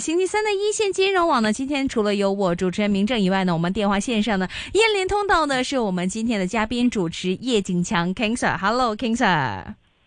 星期三的一線金融網呢，今天除了有我主持人明正以外呢，我們電話線上呢，燕聯通道呢，是我們今天的嘉賓主持葉景強 King Sir，Hello King Sir。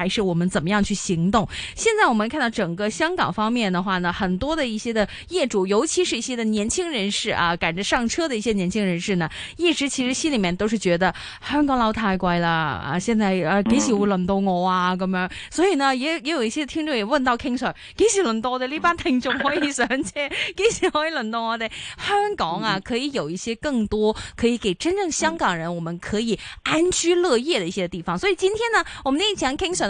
還是我們怎麼樣去行動？現在我們看到整個香港方面的話呢，很多的一些的業主，尤其是一些的年輕人士啊，趕着上車的一些年輕人士呢，一直其實心裏面都是覺得香港樓太貴了啊！現在呃，幾時會輪到我啊？咁樣，所以呢，也也有一些聽眾也問到 King Sir，幾時輪到我哋呢班聽眾可以上車？幾時可以輪到我哋香港啊？可以有一些更多可以給真正香港人，我們可以安居樂業的一些地方。所以今天呢，我們呢講 King Sir。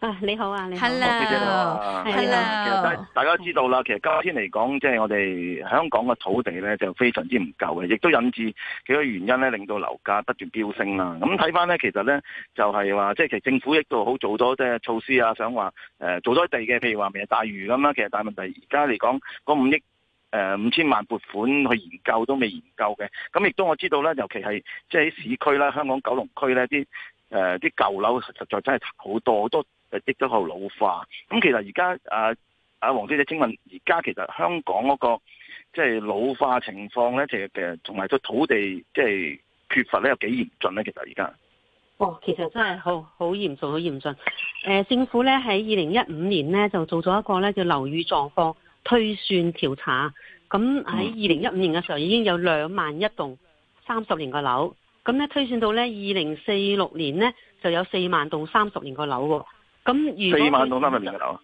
啊，你好啊，你好、啊，係啦、啊，係啦，大、啊啊、大家知道啦，其實今天嚟講，即、就、係、是、我哋香港嘅土地咧就非常之唔夠嘅，亦都引致幾個原因咧令到樓價不斷飆升啦。咁睇翻，咧，其實咧就係、是、話，即、就、係、是、其實政府亦都好做咗即係措施啊，想話誒、呃、做多啲地嘅，譬如話明日大嶼咁啦。其實大問題而家嚟講，嗰五億誒五、呃、千萬撥款去研究都未研究嘅。咁亦都我知道咧，尤其係即係喺市區啦，香港九龍區咧啲誒啲舊樓實在真係好多好多。誒，益咗個老化。咁其實而家，誒、啊，阿黃小姐，請問而家其實香港嗰、那個即係、就是、老化情況咧，即係誒，同埋個土地即係缺乏咧，有幾嚴峻咧？其實而家、就是，哦，其實真係好好嚴重、好嚴峻。誒、呃，政府咧喺二零一五年咧就做咗一個咧叫樓宇狀況推算調查。咁喺二零一五年嘅時候已經有兩萬一棟三十年嘅樓。咁咧推算到咧二零四六年咧就有四萬棟三十年嘅樓喎。咁如果四萬棟三十年樓，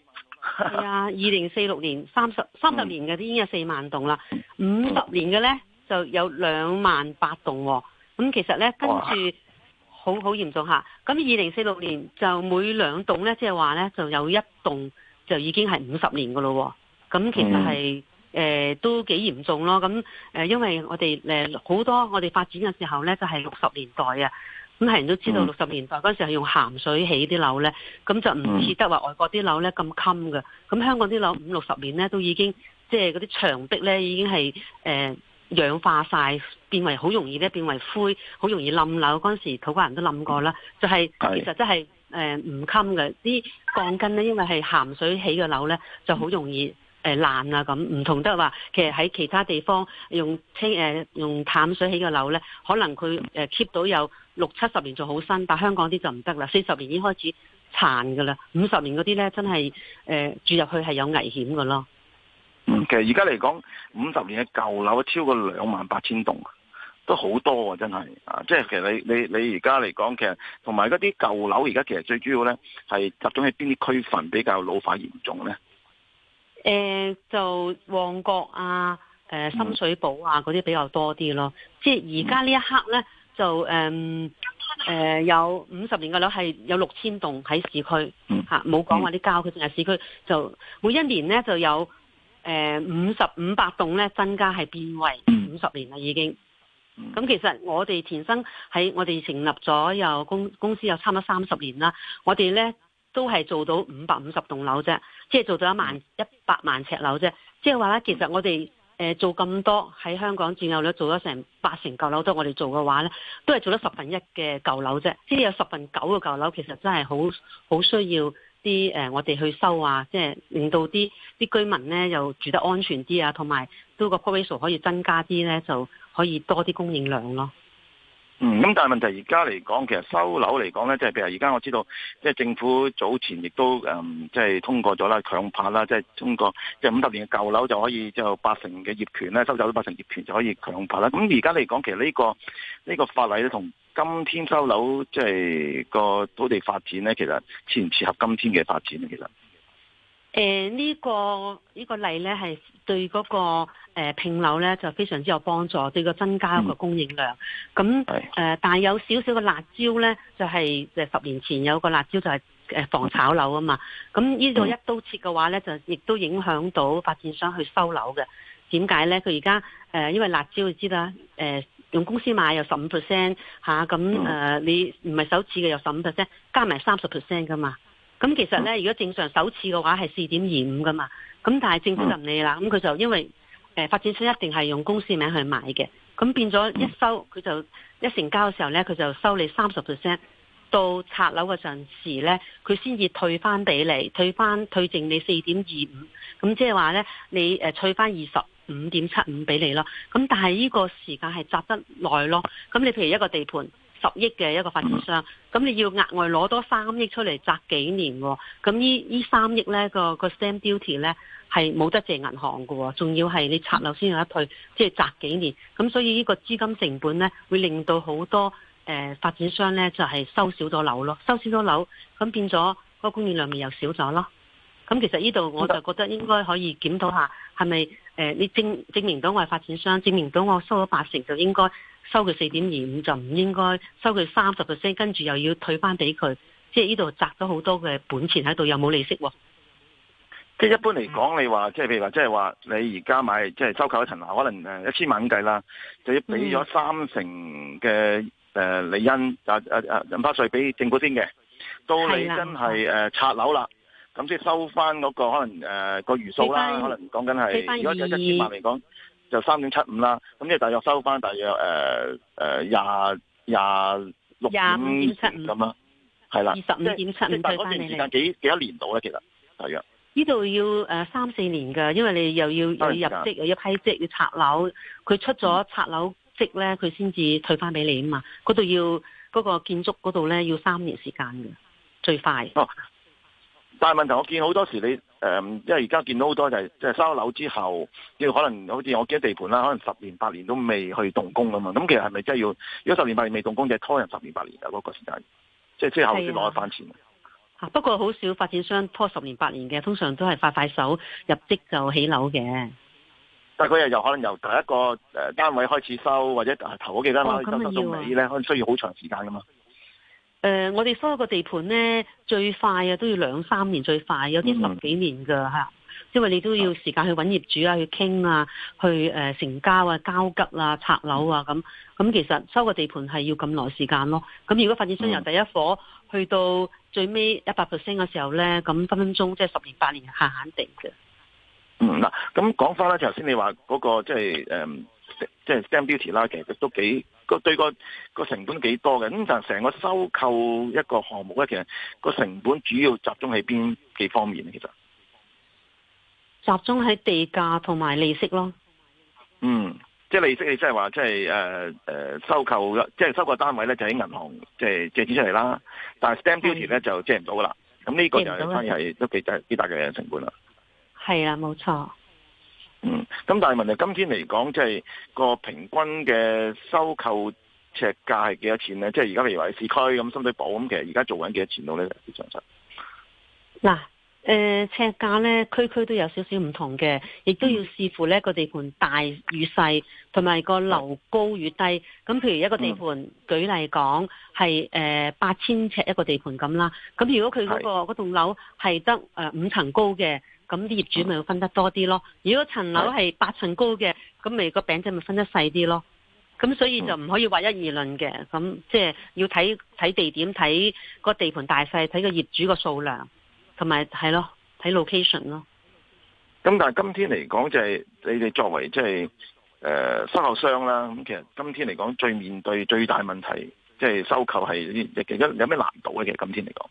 係啊，二零四六年三十三十年嘅已經有四萬棟啦，五、嗯、十年嘅呢，就有兩萬八棟喎。咁其實呢，跟住好好嚴重嚇。咁二零四六年就每兩棟呢，即係話呢，就有一棟就已經係五十年嘅咯。咁其實係誒、嗯呃、都幾嚴重咯。咁、呃、誒因為我哋誒好多我哋發展嘅時候呢，就係六十年代啊。咁係人都知道60六十年代嗰時時係用鹹水起啲樓咧，咁就唔似得話外國啲樓咧咁襟嘅。咁香港啲樓五六十年咧都已經，即係嗰啲牆壁咧已經係誒、呃、氧化晒，變為好容易咧變為灰，好容易冧樓。嗰時時土瓜灣都冧過啦。就係、是、其實真係誒唔襟嘅，啲、呃、鋼筋咧因為係鹹水起嘅樓咧就好容易誒、呃、爛啊咁，唔同得話其實喺其他地方用清、呃、用淡水起嘅樓咧，可能佢誒、呃、keep 到有。六七十年就好新，但香港啲就唔得啦。四十年已經開始殘噶啦，五十年嗰啲呢，真係誒住入去係有危險噶咯、嗯。其實而家嚟講，五十年嘅舊樓超過兩萬八千棟，都好多啊，真係啊！即係其實你你你而家嚟講，其實同埋嗰啲舊樓而家其實最主要呢，係集中喺邊啲區份比較老化嚴重呢？誒、呃，就旺角啊，誒、呃、深水埗啊嗰啲比較多啲咯。嗯、即係而家呢一刻呢。嗯就誒誒、嗯呃，有五十年嘅樓，係有六千棟喺市區吓，冇講話啲郊區淨係市區，就每一年咧就有誒五十五百棟咧增加係變為五十年啦已經。咁、嗯、其實我哋田生喺我哋成立咗有公公司有差唔多三十年啦，我哋咧都係做到五百五十棟樓啫，即係做到一萬一百萬尺樓啫，即係話咧其實我哋。誒、呃、做咁多喺香港佔有率做咗成八成舊樓都我哋做嘅話咧，都係做得十分一嘅舊樓啫。即係有十分九嘅舊樓其實真係好好需要啲誒、呃，我哋去收啊，即係令到啲啲居民咧又住得安全啲啊，同埋都個 provision 可以增加啲咧，就可以多啲供應量咯。嗯，咁但係問題而家嚟講，其實收樓嚟講咧，即係譬如而家我知道，即、就、係、是、政府早前亦都即係、嗯就是、通過咗啦，強拍啦，即係通過即係五十年嘅舊樓就可以就八成嘅業權咧，收走咗八成業權就可以強拍啦。咁而家嚟講，其實呢、這個呢、這個法例咧，同今天收樓即係個土地發展咧，其實似唔似合今天嘅發展咧，其實？誒、呃，呢、這個呢、這個例咧，係對嗰、那個誒、呃、拼樓咧就非常之有幫助，對個增加個供應量。咁、嗯、誒、呃，但係有少少個辣椒咧，就係、是、誒十年前有個辣椒就係誒防炒樓啊嘛。咁呢度一刀切嘅話咧，就亦都影響到發展商去收樓嘅。點解咧？佢而家誒，因為辣椒你知啦，誒、呃、用公司買又十五 percent 吓，咁誒、嗯呃、你唔係首次嘅又十五 percent，加埋三十 percent 噶嘛。咁其實咧，如果正常首次嘅話係四點二五㗎嘛，咁但係政府就唔理啦，咁佢就因為誒、呃、發展商一定係用公司名去買嘅，咁變咗一收佢就一成交嘅時候咧，佢就收你三十 percent，到拆樓嘅陣時咧，佢先至退翻俾你，退翻退剩你四點二五，咁即係話咧，你誒退翻二十五點七五俾你咯，咁但係呢個時間係集得耐咯，咁你譬如一個地盤。十億嘅一個發展商，咁你要額外攞多三億出嚟擲幾年喎、哦，咁呢依三億呢個個 Stamp Duty 呢，係冇得借銀行嘅、哦，仲要係你拆樓先有得退，即係擲幾年，咁所以呢個資金成本呢，會令到好多誒、呃、發展商呢，就係、是、收少咗樓咯，收少咗樓，咁變咗個供應量面又少咗咯。咁其實呢度我就覺得應該可以檢討下係咪誒你證證明到我係發展商，證明到我收咗八成就應該。收佢四點二五就唔應該收佢三十個 percent，跟住又要退翻俾佢，即係呢度摘咗好多嘅本錢喺度，又冇利息喎、哦嗯就是。即係一般嚟講，你話即係譬如話，即係話你而家買即係收購一層樓，可能誒一千萬咁計啦，就要俾咗三成嘅誒利潤，但係誒誒印花稅俾政府先嘅。到你真係誒、呃呃、拆樓啦，咁先收翻嗰、那個可能誒、呃那個餘數啦，可能講緊係如果就一千萬嚟講。就三點七五啦，咁即係大約收翻大約誒誒廿廿六點咁啦，係、呃、啦、呃，二十五點七五。但係嗰段時間幾幾多年度咧？其實大約，呢度要誒三四年噶，因為你又要入職，又要批職要拆樓，佢出咗拆樓職咧，佢先至退翻俾你啊嘛。嗰度要嗰、嗰個建築嗰度咧，要三年時間嘅最快。哦、啊，但係問題我見好多時你。誒、嗯，因為而家見到好多就係即係收樓之後，要可能好似我記得地盤啦，可能十年八年都未去動工咁嘛。咁其實係咪真係要如果十年八年未動工，就拖人十年八年啊嗰、嗰個時間，即、就、係、是、之後先攞得翻錢、啊啊。不過好少發展商拖十年八年嘅，通常都係快快手入職就起樓嘅。但係佢又可能由第一個誒單位開始收，或者頭幾、啊、幾間開始、哦、收到，到尾咧可能需要好長時間噶嘛。誒、呃，我哋收個個地盤咧，最快啊都要兩三年，最快有啲十幾年噶吓、嗯、因為你都要時間去揾業主啊，去傾啊，去、呃、成交啊、交吉啊、拆樓啊咁。咁其實收個地盤係要咁耐時間咯。咁如果發展商由第一夥去到最尾一百 percent 嘅時候咧，咁分分鐘即係、就是、十年八年閒閒地嘅。嗯嗱，咁講翻咧，頭先你話嗰、那個即係、就是嗯即係 stamp duty 啦，其實都幾個對個個成本幾多嘅咁，但成個收購一個項目咧，其實個成本主要集中喺邊幾方面咧？其實集中喺地價同埋利息咯。嗯，即、就、係、是、利息就是，你即係話即係誒誒，收購即係收購單位咧、嗯，就喺銀行即係借錢出嚟啦。但係 stamp duty 咧就借唔到噶啦。咁呢個就係反而係都幾大幾大嘅成本啦。係啦、啊，冇錯。嗯，咁但係問題，今天嚟講，即、就、係、是、個平均嘅收購尺價係幾多錢呢？即係而家例如話喺市區咁，深水埗咁，其實而家做緊幾多錢到呢？要查實。嗱，誒，尺價呢，區區都有少少唔同嘅，亦都要視乎呢地盤個地盤大與細，同埋個樓高與低。咁譬如一個地盤，嗯，舉例講係誒八千尺一個地盤咁啦。咁如果佢嗰、那個嗰棟樓係得誒五層高嘅。咁啲業主咪會分得多啲咯。如果層樓係八層高嘅，咁咪個餅仔咪分得細啲咯。咁所以就唔可以一概而論嘅。咁即係要睇睇地點，睇個地盤大細，睇個業主個數量，同埋係咯，睇 location 咯。咁但係今天嚟講就係、是、你哋作為即係誒收購商啦。咁其實今天嚟講最面對最大問題即係、就是、收購係其實有咩難度咧？其實今天嚟講。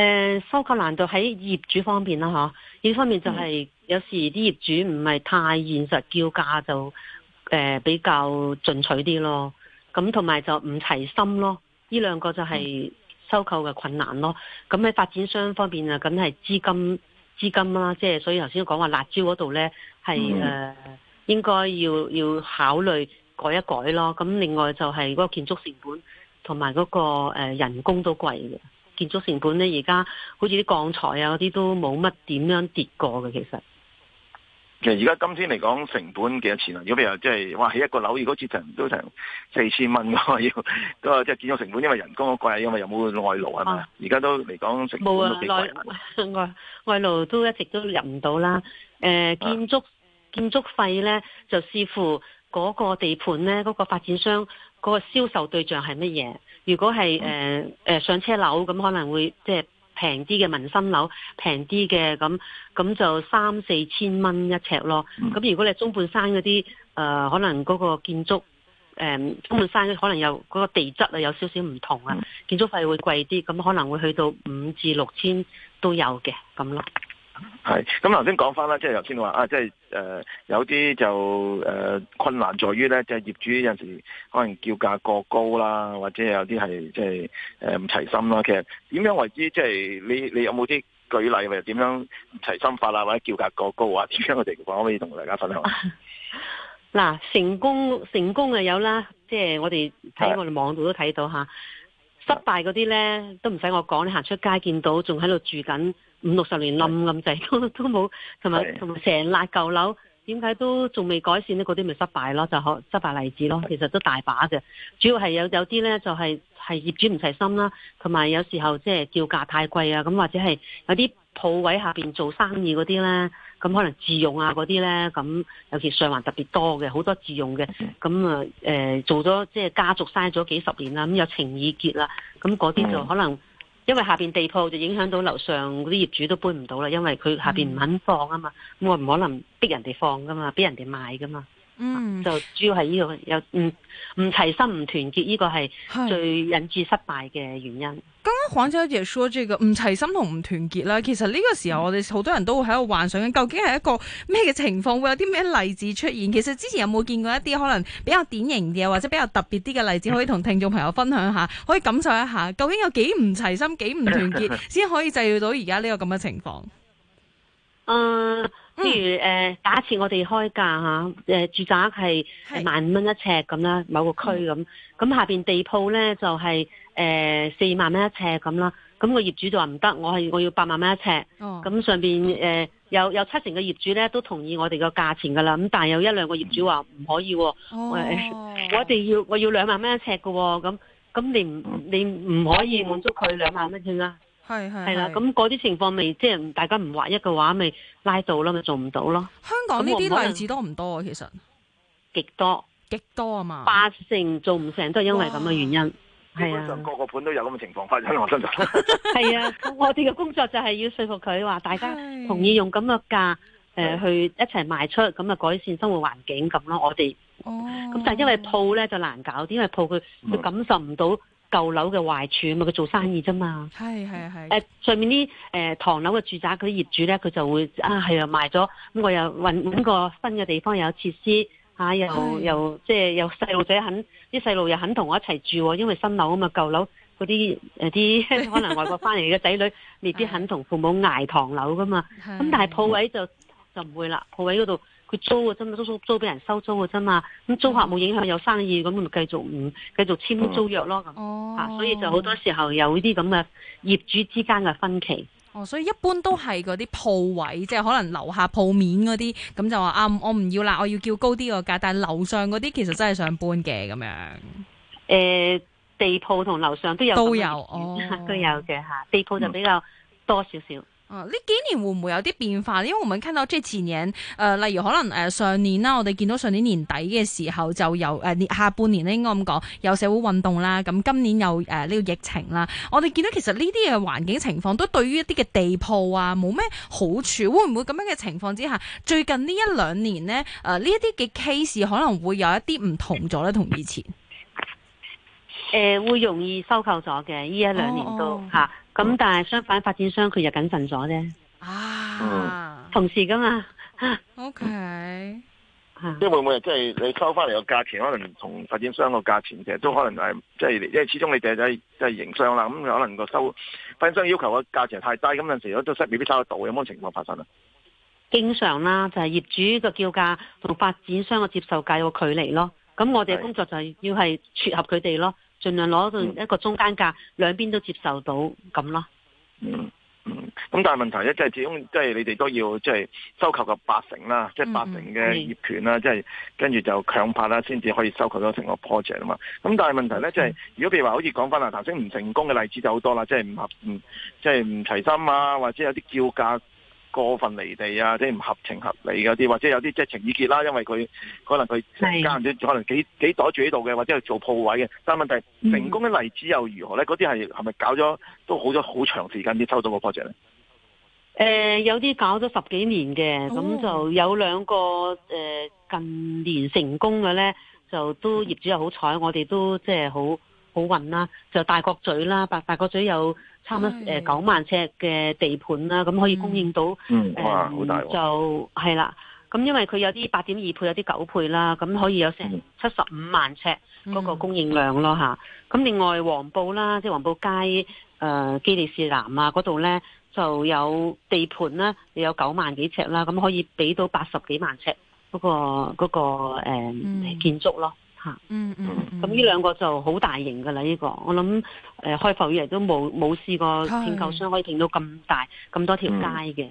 誒，收購難度喺業主方面啦，嗬，呢方面就係有時啲業主唔係太現實叫價，叫價就誒比較進取啲咯。咁同埋就唔齊心咯，呢兩個就係收購嘅困難咯。咁喺發展商方面啊，梗係資金資金啦，即係所以頭先講話辣椒嗰度咧係誒應該要要考慮改一改咯。咁另外就係嗰個建築成本同埋嗰個誒人工都貴嘅。建築成本咧，而家好似啲鋼材啊嗰啲都冇乜點樣跌過嘅，其實。其實而家今天嚟講成本幾多錢啊、就是？如果譬如即係，哇！起一個樓如果折成都成四千蚊噶，我要都即係建築成本，因為人工好貴，因為有冇外勞啊嘛。而家都嚟講成本冇啊，外外勞都一直都入唔到啦。誒、呃、建築、啊、建築費咧就視乎嗰個地盤咧，嗰、那個發展商嗰、那個銷售對象係乜嘢。如果係誒，誒上車樓，咁可能會即係平啲嘅民生樓平啲嘅，咁咁就三四千蚊一尺咯。咁如果你係中半山嗰啲誒，可能嗰個建築誒、嗯、中半山可能有嗰、嗰個地質啊有少少唔同啊、嗯，建築費會貴啲，咁可能會去到五至六千都有嘅咁咯。係，咁頭先講翻啦，即係頭先話啊，即係誒、呃、有啲就誒、呃、困難在於咧，即係業主有陣時可能叫價過高啦，或者有啲係即係誒唔齊心啦。其實點樣為之，即係你你有冇啲舉例或者點樣齊心法啊，或者叫價過高啊，點樣嘅情況可以同大家分享？嗱， 成功成功啊有啦，即、就、係、是、我哋喺我哋網度都睇到吓，失敗嗰啲咧都唔使我講，你行出街見到仲喺度住緊。五六十年冧冧仔都都冇，同埋同埋成辣舊樓，點解都仲未改善呢？嗰啲咪失敗咯，就可失敗例子咯。其實都大把嘅，主要係有有啲咧就係、是、係業主唔齊心啦，同埋有，有時候即係叫價太貴啊，咁或者係有啲鋪位下邊做生意嗰啲咧，咁可能自用啊嗰啲咧，咁尤其上環特別多嘅，好多自用嘅，咁啊、呃、做咗即係家族嘥咗幾十年啦，咁有情意結啦，咁嗰啲就可能。因為下邊地鋪就影響到樓上嗰啲業主都搬唔到啦，因為佢下邊唔肯放啊嘛，咁我唔可能逼人哋放噶嘛，逼人哋賣噶嘛。嗯，就主要係呢、這個有唔唔齊心唔團結，呢、這個係最引致失敗嘅原因。剛剛黃小姐說，這個唔齊心同唔團結啦，其實呢個時候我哋好多人都會喺度幻想緊，究竟係一個咩嘅情況，會有啲咩例子出現？其實之前有冇見過一啲可能比較典型嘅或者比較特別啲嘅例子，可以同聽眾朋友分享一下，可以感受一下，究竟有幾唔齊心，幾唔團結，先、嗯、可以製造到而家呢個咁嘅情況？嗯譬如假設、呃、我哋開價嚇、啊呃，住宅係萬五蚊一尺咁啦，某個區咁，咁下面地鋪咧就係誒四萬蚊一尺咁啦，咁、個業主就話唔得，我係我要八萬蚊一尺，咁、哦、上面誒、呃、有有七成嘅業主咧都同意我哋個價錢噶啦，咁但係有一兩個業主話唔可以、哦哦，我哋要我要兩萬蚊一尺嘅喎，咁咁你唔你唔可以滿足佢兩萬蚊㗎？係係係啦，咁嗰啲情況咪即係大家唔劃一嘅話，咪拉倒啦，咪做唔到咯。香港呢啲例子多唔多啊？其實極多極多啊嘛，八成做唔成都係因為咁嘅原因，係啊，個個盤都有咁嘅情況發生我身上。 是的。 我相信係啊，我哋嘅工作就係要說服佢話大家同意用咁嘅價誒、呃、去一齊賣出，咁啊改善生活環境咁咯。我哋咁就因為鋪咧就難搞啲，因為鋪佢佢感受唔到。舊樓嘅壞處啊嘛，佢做生意啫嘛。係係係。誒、呃，上面啲誒，唐樓嘅住宅嗰啲業主咧，佢就會啊，係啊，賣咗。咁我又揾揾個新嘅地方，又有設施，啊又是又即係有細路仔肯，啲細路又肯同我一齊住。因為新樓啊嘛，舊樓嗰啲誒啲，可能外國翻嚟嘅仔女 未必肯同父母捱唐樓噶嘛。咁但係鋪位就就唔會啦，鋪位嗰度。佢租嘅，啫嘛，租租租俾人收租嘅啫嘛。咁租客冇影響有生意，咁咪繼續唔繼續簽租約咯咁、嗯。哦、啊，所以就好多時候有呢啲咁嘅業主之間嘅分歧。哦，所以一般都係嗰啲鋪位，即係可能樓下鋪面嗰啲，咁就話啊，我唔要啦，我要叫高啲個價。但係樓上嗰啲其實真係想搬嘅咁樣。誒、呃，地鋪同樓上都有都有哦，都有嘅吓。地鋪就比較多少少。嗯呢幾年會唔會有啲變化？因為我們聽到即係前年誒、呃，例如可能誒、呃、上年啦，我哋見到上年年底嘅時候就有，誒、呃、下半年咧，應該咁講有社會運動啦。咁今年有誒呢個疫情啦，我哋見到其實呢啲嘅環境情況都對於一啲嘅地鋪啊冇咩好處。會唔會咁樣嘅情況之下，最近呢一兩年呢，誒呢一啲嘅 case 可能會有一啲唔同咗咧，同以前？誒、呃，會容易收購咗嘅呢一兩年都吓，咁、哦哦啊、但係相反、嗯、發展商佢又謹慎咗啫。啊，同時噶嘛。O、啊、K。即、okay、係、啊、會唔會即係、就是、你收翻嚟個價錢，可能同發展商個價錢其實都可能係即係，因為始終你哋就係、是、就係、是、營商啦，咁可能個收發展商要求個價錢太低，咁陣時都未必收得到，有冇情況發生啊？經常啦，就係、是、業主個叫價同發展商個接受價個距離咯。咁我哋工作就係要係撮合佢哋咯。盡量攞到一個中間價，嗯、兩邊都接受到咁咯。嗯嗯，咁、嗯、但係問題咧，即係始終即係你哋都要即係收購個八成啦，即、就、係、是、八成嘅業權啦，即、嗯、係、就是嗯、跟住就強拍啦，先至可以收購到成個 project 啊嘛。咁但係問題咧，即、就、係、是嗯、如果譬如話好似講返啦，頭先唔成功嘅例子就好多啦，即係唔合唔即係唔齊心啊，或者有啲叫價。過分離地啊，即係唔合情合理嗰啲，或者有啲即係情意結啦，因為佢可能佢成家人，可能幾幾袋住喺度嘅，或者係做鋪位嘅。但係問題、嗯、成功嘅例子又如何咧？嗰啲係係咪搞咗都好咗好長時間先抽到個 project 咧？誒、呃，有啲搞咗十幾年嘅，咁就有兩個誒、呃，近年成功嘅咧，就都業主又好彩，我哋都即係好。就是好運啦，就大角咀啦，大大角咀有差唔多誒九萬尺嘅地盤啦，咁、嗯、可以供應到，嗯，嗯哇嗯哇就係啦，咁因為佢有啲八點二倍，有啲九倍啦，咁可以有成七十五萬尺嗰個供應量咯吓，咁、嗯嗯嗯、另外黃埔啦，即、就、係、是、黃埔街誒、呃、基利士南啊嗰度咧就有地盤、那個那個那個呃嗯、啦，有九萬幾尺啦，咁可以俾到八十幾萬尺嗰個個誒建築咯。吓、嗯，嗯嗯咁呢兩個就好大型噶啦，呢、這個我諗，誒、呃，開埠以嚟都冇冇試過，競購商可以拼到咁大咁多條街嘅。嗯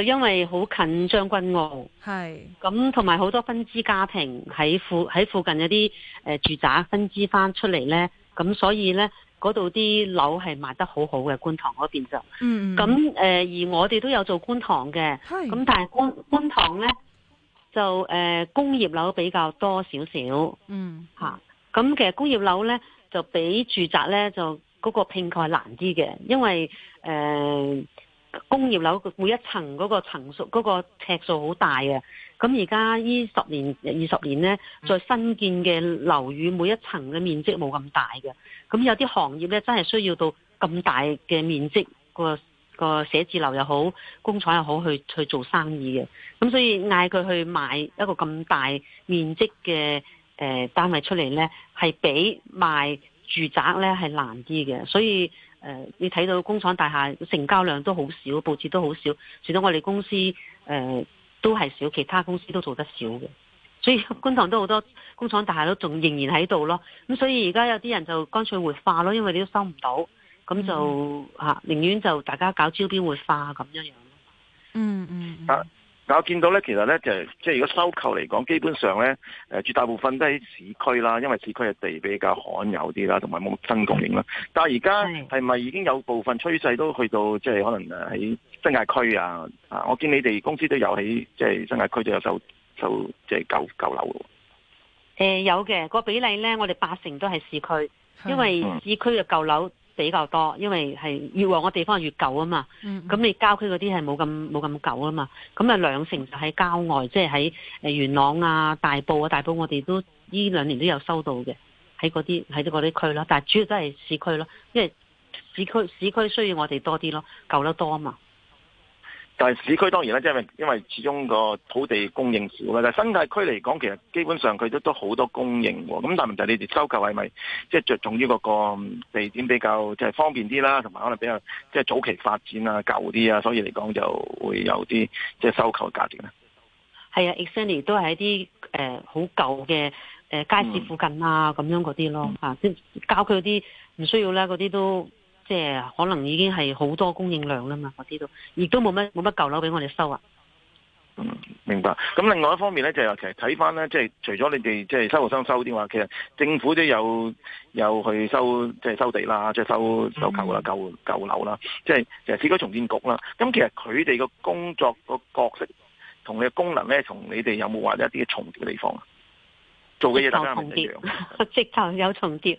就因為好近將軍澳，係咁，同埋好多分支家庭喺附喺附近有啲誒住宅分支翻出嚟咧，咁所以咧嗰度啲樓係賣得好好嘅，觀塘嗰邊就，嗯，嗯，咁誒而我哋都有做觀塘嘅，係咁，但係觀觀塘咧就誒工業樓比較多少少，嗯吓。咁、啊、其實工業樓咧就比住宅咧就嗰個併購係難啲嘅，因為誒。呃工業樓每一層嗰個層數嗰個尺數好大嘅，咁而家呢十年二十年呢，再新建嘅樓宇每一層嘅面積冇咁大嘅，咁有啲行業呢，真係需要到咁大嘅面積，個個寫字樓又好，工廠又好去去做生意嘅，咁所以嗌佢去買一個咁大面積嘅單位出嚟呢，係比賣住宅呢係難啲嘅，所以。誒、呃，你睇到工廠大廈成交量都好少，布置都好少，除咗我哋公司誒、呃、都係少，其他公司都做得少嘅，所以觀塘都好多工廠大廈都仲仍然喺度咯。咁所以而家有啲人就乾脆活化咯，因為你都收唔到，咁就吓寧願就大家搞招標活化咁樣樣。嗯嗯。我見到咧，其實咧就係即係如果收購嚟講，基本上咧誒絕大部分都喺市區啦，因為市區嘅地比較罕有啲啦，同埋冇新供應啦。但係而家係咪已經有部分趨勢都去到即係可能誒喺新界區啊？啊，我見你哋公司都有喺即係新界區都有收收即係舊舊樓嘅、呃。有嘅、嗰個比例咧，我哋八成都係市區係，因為市區嘅舊樓。嗯比較多，因為係越旺嘅地方越舊啊嘛，咁、嗯、你郊區嗰啲係冇咁冇咁舊啊嘛，咁啊兩成就喺郊外，即係喺誒元朗啊、大埔啊、大埔我哋都呢兩年都有收到嘅，喺嗰啲喺到啲區咯，但係主要都係市區咯，因為市區市區需要我哋多啲咯，舊得多啊嘛。但係市區當然啦，即係因為始終個土地供應少啦。但係新界區嚟講，其實基本上佢都都好多供應喎。咁但係問題，你哋收購係咪即係着重於嗰個地點比較即係方便啲啦，同埋可能比較即係早期發展啊、舊啲啊，所以嚟講就會有啲即係收購價值咧。係啊，exactly 都係一啲誒好舊嘅誒街市附近啊，咁、嗯、樣嗰啲咯嚇，郊區嗰啲唔需要啦，嗰啲都。即係可能已經係好多供應量啦嘛，我知道，亦都冇乜冇乜舊樓俾我哋收啊。嗯，明白。咁另外一方面咧，就係其實睇翻咧，即係除咗你哋即係收樓商收之外，其實政府都有有去收，即係收地啦，即係收收購啦舊舊樓啦，即係其實市區重建局啦。咁其實佢哋個工作個角色同你嘅功能咧，同你哋有冇話一啲重疊嘅地方？做嘅嘢大家唔一樣，直頭有重疊。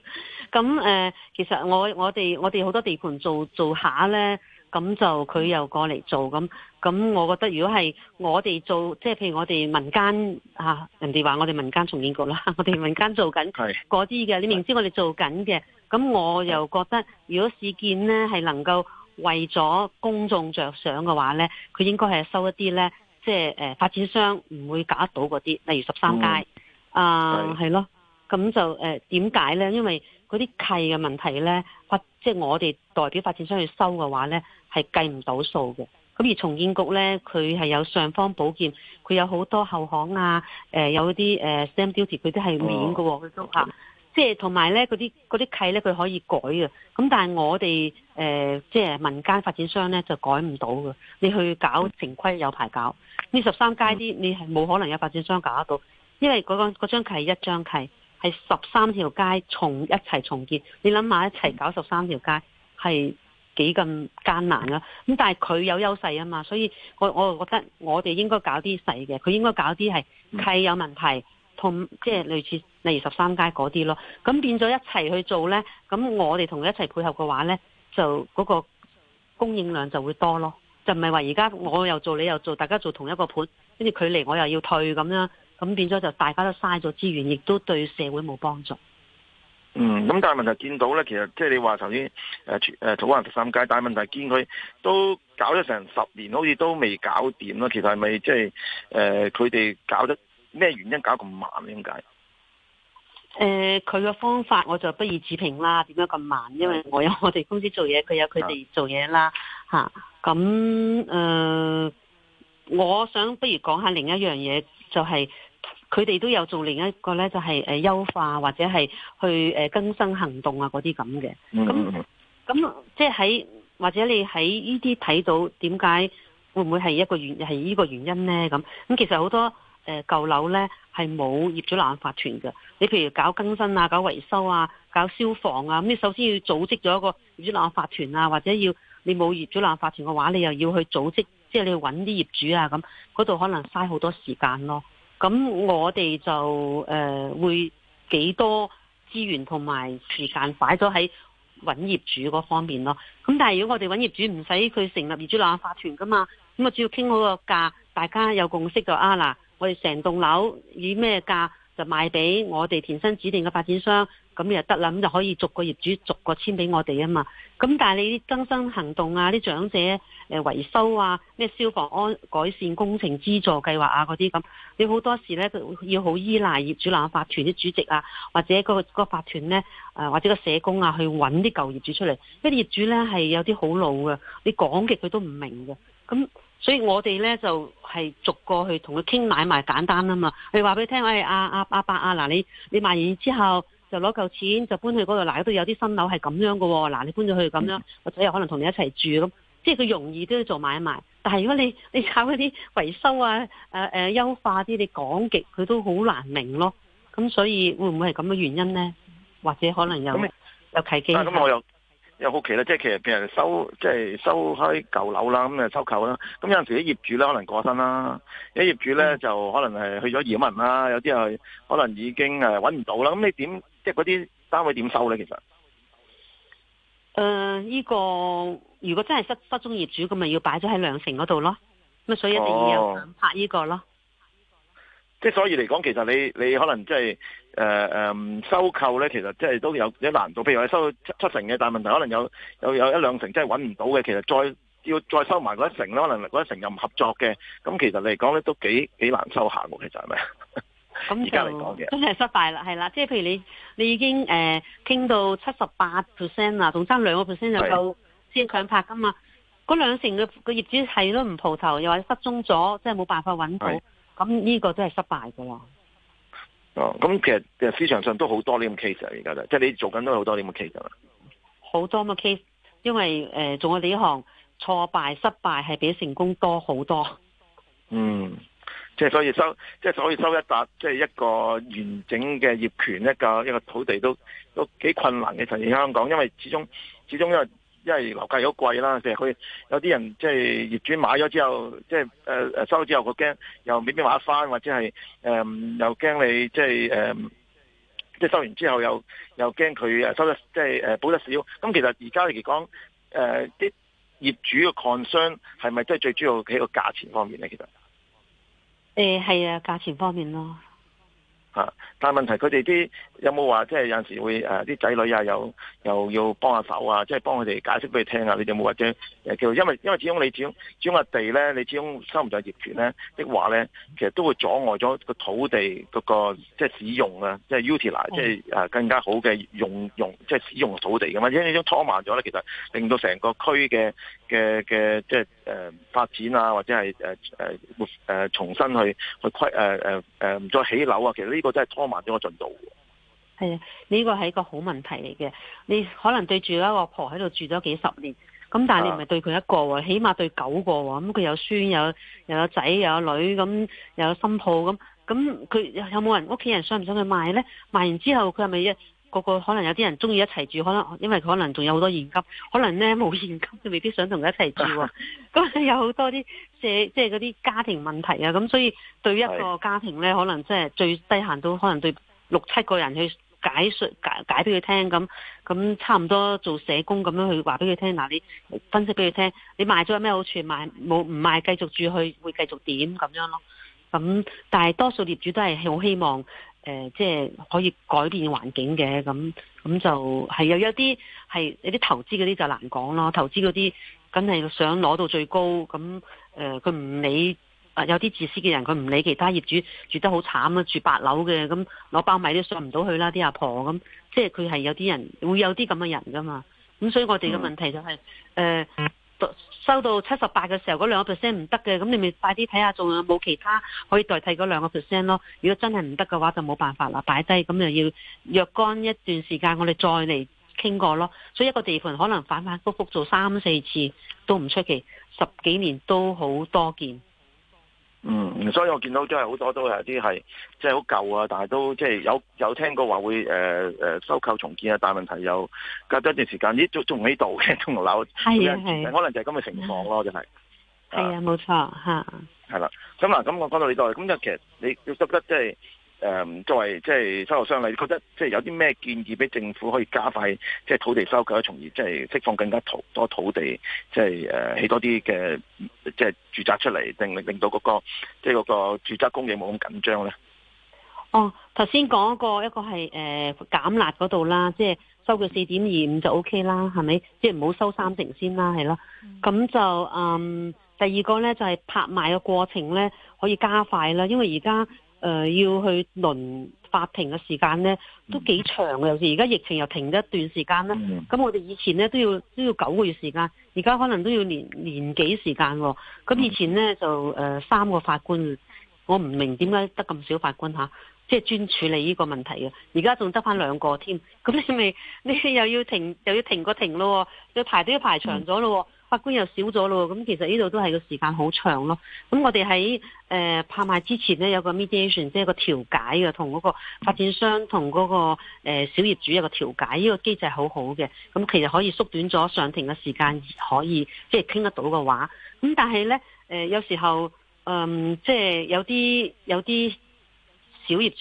咁誒、呃，其實我我哋我哋好多地盤做做下呢，咁就佢又過嚟做咁。咁我覺得如果係我哋做，即係譬如我哋民間、啊、人哋話我哋民間重建局啦，我哋民間做緊嗰啲嘅，你明知我哋做緊嘅，咁我又覺得如果事件呢係能夠為咗公眾着想嘅話呢，佢應該係收一啲呢，即係誒、呃、發展商唔會搞得到嗰啲，例如十三街。嗯啊、呃，係咯，咁就誒，點解咧？因為嗰啲契嘅問題咧，發即係、就是、我哋代表發展商去收嘅話咧，係計唔到數嘅。咁而重建局咧，佢係有上方保鍵，佢有好多後巷啊，誒、呃，有啲誒、呃、stamp duty，佢都係免嘅。佢、哦、都吓，即係同埋咧，嗰啲嗰啲契咧，佢可以改嘅。咁但係我哋誒，即、呃、係、就是、民間發展商咧，就改唔到嘅。你去搞城規有排搞，呢十三街啲，你係冇可能有發展商搞得到。因為嗰張張契一張契係十三條街重，一齊重建，你諗下一齊搞十三條街係幾咁艱難啊？咁但係佢有優勢啊嘛，所以我我就覺得我哋應該搞啲細嘅，佢應該搞啲係契有問題同即係類似例如十三街嗰啲咯。咁變咗一齊去做呢，咁我哋同佢一齊配合嘅話呢，就嗰個供應量就會多咯。就唔係話而家我又做你又做，大家做同一個盤，跟住佢嚟我又要退咁樣。咁變咗就大家都嘥咗資源，亦都對社會冇幫助，嗯。嗯，咁但係問題見到咧，其實即係你話頭先誒土瓜灣十三街，但係問題見佢都搞咗成十年，好似都未搞掂啦。其實係咪即係誒佢哋搞得咩原因搞咁慢？點、呃、解？誒，佢個方法我就不予置評啦。點解咁慢？因為我有我哋公司做嘢，佢有佢哋做嘢啦。咁誒、啊呃，我想不如講下另一樣嘢，就係、是。佢哋都有做另一個呢，就係誒優化或者係去誒更新行動啊，嗰啲咁嘅。咁咁即係喺或者你喺呢啲睇到點解會唔會係一個原係呢個原因呢？咁咁其實好多誒舊樓呢，係冇業主立案法團嘅。你譬如搞更新啊、搞維修啊、搞消防啊，咁你首先要組織咗一個業主立案法團啊，或者要你冇業主立案法團嘅話，你又要去組織，即係你要揾啲業主啊，咁嗰度可能嘥好多時間咯。咁我哋就誒、呃、會幾多資源同埋時間擺咗喺揾業主嗰方面咯。咁但係如果我哋揾業主唔使佢成立業主立案法團㗎嘛，咁啊只要傾好個價，大家有共識就是、啊嗱，我哋成棟樓以咩價就賣俾我哋田生指定嘅發展商。咁就得啦，咁就可以逐個業主逐個簽俾我哋啊嘛。咁但係你啲更新行動啊，啲長者誒維修啊，咩消防安改善工程資助計劃啊嗰啲咁，你好多時呢要好依賴業主立、那個、法團啲主席啊，或者個個法團呢，誒或者個社工啊去搵啲舊業主出嚟，因為業主呢係有啲好老嘅，你講極佢都唔明嘅。咁所以我哋呢，就係、是、逐個去同佢傾買賣簡單啊嘛，佢話俾你聽，喂、哎，阿阿阿伯啊，嗱、啊、你你賣完之後。就攞嚿錢就搬去嗰度，嗱嗰度有啲新樓係咁樣嘅喎、哦，嗱你搬咗去咁樣，或者又可能同你一齊住咁，即係佢容易都要做買賣。但係如果你你炒嗰啲維修啊、誒、呃、誒優化啲，你講極佢都好難明咯。咁所以會唔會係咁嘅原因呢？或者可能有、嗯、有契機？咁、嗯、我又有，有好奇啦，即係其實俾人收，收即係收開舊樓啦，咁就收購啦。咁有陣時啲業主啦可能過身啦、嗯，有啲業主咧、嗯、就可能係去咗移民啦，有啲係可能已經誒揾唔到啦。咁你點？即係嗰啲單位點收咧？其實、呃、誒、這、依個如果真係失失蹤業主，咁咪要擺咗喺兩成嗰度咯。咁啊，所以一定要、哦、拍依個咯。即係所以嚟講，其實你你可能即係誒誒收購咧，其實即係都有啲難度。譬如話收七七成嘅，但係問題可能有有有一兩成即係揾唔到嘅。其實再要再收埋嗰一成咧，可能嗰一成又唔合作嘅。咁其實嚟講咧，都幾幾難收下嘅，其實係咪？咁就真係失敗啦，係啦，即係譬如你你已經誒傾、呃、到七十八 percent 啦，仲差兩個 percent 就夠先強拍噶嘛。嗰兩成嘅嘅業主係都唔蒲頭，又或者失蹤咗，即係冇辦法揾到，咁呢個都係失敗噶啦。哦，咁其實其實市場上都好多呢啲 case 啊，而家就即係你做緊都好多呢啲 case 啦。好多咁嘅 case，因為誒做我哋呢行挫敗失敗係比成功多好多。嗯。即係所以收，即係所以收一笪，即係一個完整嘅業權一個一個土地都都幾困難嘅。曾經香港，因為始終始終因為因為樓價又好貴啦，佢有啲人即係業主買咗之後，即係、呃、收咗之後，佢驚又未必買得返，或者係、呃、又驚你即係、呃、即係收完之後又又驚佢收得即係補得少。咁其實而家嚟講，啲、呃、業主嘅 concern 係咪即係最主要喺個價錢方面咧？其實？誒、欸，係啊，價錢方面咯。吓，但係問題，佢哋啲有冇話，即係有陣時會誒，啲仔女啊，有又、又要幫下手啊，即係幫佢哋解釋俾佢聽啊？你哋有冇或者叫？因為因為始終你始終將個地咧，你始終收唔到業權咧的話咧，其實都會阻礙咗個土地嗰、嗰個即係使用啊，即係 utilize，即係誒更加好嘅用用即係使用土地咁嘛，因為你將拖慢咗咧，其實令到成個區嘅嘅嘅即係。誒，發展啊，或者係誒誒，誒、呃呃呃，重新去去規誒誒誒，唔、呃呃呃、再起樓啊！其實呢個真係拖慢咗個進度。係啊，呢、這個係一個好問題嚟嘅。你可能對住一個婆喺度住咗幾十年，咁但係你唔係對佢一個喎，起碼對九個喎。咁佢有孫，有又有仔，又有女，咁又有新抱。咁咁佢有冇人屋企人想唔想去賣咧？賣完之後，佢係咪一？個個可能有啲人中意一齊住，可能因為佢可能仲有好多現金，可能咧冇現金就未必想同佢一齊住。咁 有好多啲社即係嗰啲家庭問題啊，咁所以對一個家庭咧，可能即係最低限都可能對六七個人去解解解俾佢聽，咁咁差唔多做社工咁樣去話俾佢聽。嗱，你分析俾佢聽，你賣咗有咩好處？賣冇唔賣繼續住去會繼續點咁樣咯。咁但係多數業主都係好希望。誒，即係可以改變環境嘅。咁咁就係有一啲係有啲投資嗰啲就難講咯。投資嗰啲，梗係想攞到最高，咁誒，佢唔理。有啲自私嘅人，佢唔理其他業主住得好慘啊，住八樓嘅，咁攞包米都上唔到去啦，啲阿婆咁，即係佢係有啲人會有啲咁嘅人噶嘛，咁所以我哋嘅問題就係，誒、嗯。呃收到七十八嘅時候，嗰兩個 percent 唔得嘅，咁你咪快啲睇下仲有冇其他可以代替嗰兩個 percent 咯。如果真係唔得嘅話，就冇辦法啦，擺低咁又要若干一段時間，我哋再嚟傾過咯。所以一個地盤可能反反覆覆做三四次都唔出奇，十幾年都好多件。嗯，所以我見到真係好多都有啲係，即係好舊啊，但係都即係有有聽過話會誒誒、呃、收購重建啊，大問題又隔咗一段時間，咦仲仲喺度嘅，仲落樓，係係，可能就係咁嘅情況咯，就係、是，係啊，冇錯吓，係啦，咁嗱，咁我講到呢度，咁就其實你要得唔得、就是，即係。誒作為即係收購商，你覺得即係有啲咩建議俾政府可以加快即係土地收購，從而即係釋放更加土多土地，即係誒起多啲嘅即係住宅出嚟，令令到嗰、那個即係嗰個住宅供應冇咁緊張咧。哦，頭先講過一個係誒、呃、減辣嗰度啦，即、就、係、是、收佢四點二五就 O K 啦，係咪？即係唔好收三成先啦，係咯。咁、嗯、就誒、嗯、第二個咧，就係、是、拍賣嘅過程咧可以加快啦，因為而家。誒、呃、要去輪法庭嘅時間呢都幾長嘅。尤其而家疫情又停咗一段時間啦，咁我哋以前呢都要都要九個月時間，而家可能都要年年幾時間喎、哦。咁以前呢，就誒、呃、三個法官，我唔明點解得咁少法官下，即係專處理呢個問題嘅。而家仲得翻兩個添，咁你咪你又要停又要停個停咯、哦，要排都要排長咗咯、哦。嗯法官又少咗咯，咁其實呢度都係個時間好長咯。咁我哋喺誒拍賣之前呢，有個 mediation，即係個調解嘅，同嗰個發展商同嗰個誒小業主有個調解，呢個機制好好嘅。咁其實可以縮短咗上庭嘅時間，而可以即係傾得到嘅話。咁但係呢，誒有時候，嗯，即係有啲有啲小業主，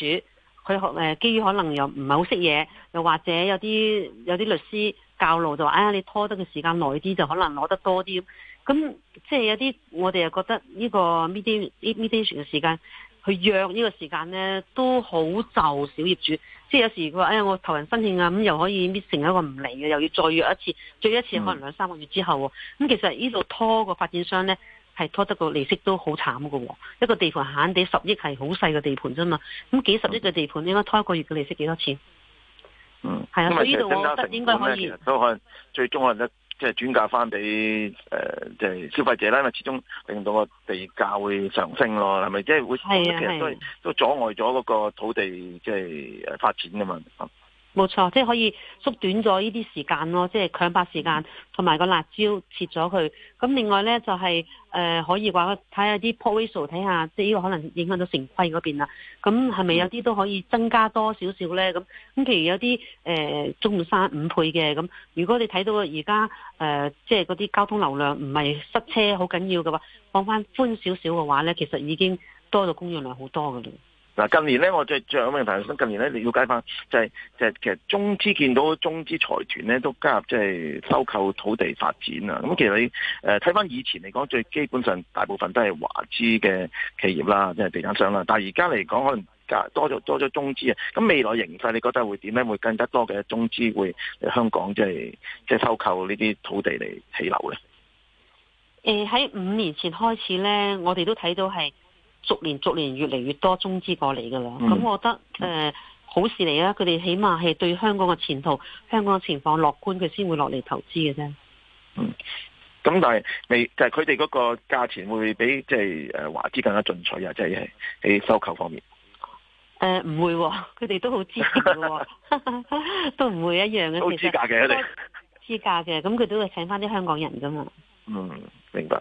佢學誒基於可能又唔係好識嘢，又或者有啲有啲律師。教路就話：哎呀，你拖得個時間耐啲，就可能攞得多啲。咁即係有啲我哋又覺得呢個 meeting meeting 嘅時間去約呢個時間咧，都好就小業主。即係有時佢話：哎呀，我投人申請啊，咁又可以搣成一個唔嚟嘅，又要再約一次，再約一次可能兩三個月之後。咁其實呢度拖個發展商咧，係拖得個利息都好慘嘅。一個地盤慳地，十億係好細嘅地盤啫嘛。咁幾十億嘅地盤，應該拖一個月嘅利息幾多錢？嗯係，因為其實增加成本咧、即係，其實都可能最終可能一即係轉嫁翻俾誒，即係消費者啦，因為始終令到個地價會上升咯，係咪即係會其實都都阻礙咗嗰個土地即誒、即係、發展噶嘛？冇錯，即係可以縮短咗呢啲時間咯，即係強拍時間，同埋個辣招撤咗佢。咁另外呢，就係、是、誒、呃、可以話睇下啲 provision 睇下即係呢個可能影響到城規嗰邊啦。咁係咪有啲都可以增加多少少呢？咁咁譬如有啲誒、呃、中午三五倍嘅咁，如果你睇到而家誒即係嗰啲交通流量唔係塞車好緊要嘅話，放翻寬少少嘅話呢，其實已經多咗供應量好多嘅嘞。嗱，近年咧，我最最有名嘅田生，近年咧了解翻，就係、是、就係、是、其實中資見到中資財團咧都加入，即係收購土地發展啦。咁其實你誒睇翻以前嚟講，最基本上大部分都係華資嘅企業啦，即、就、係、是、地產商啦。但係而家嚟講，可能加多咗多咗中資啊。咁未來形勢，你覺得會點咧？會更加多嘅中資會嚟香港即係即係收購呢啲土地嚟起樓咧？誒、呃，喺五年前開始咧，我哋都睇到係。逐年逐年越嚟越多中資過嚟噶啦，咁、嗯、我覺得誒、呃、好事嚟啊！佢哋起碼係對香港嘅前途、香港嘅情況樂觀，佢先會落嚟投資嘅啫。嗯，咁但係未就係佢哋嗰個價錢會比即係誒華資更加進取啊！即係喺收購方面，誒、呃、唔會、啊，佢哋都好支持嘅， 都唔會一樣嘅。都資格嘅，一定資格嘅，咁 佢都會請翻啲香港人噶嘛。嗯，明白。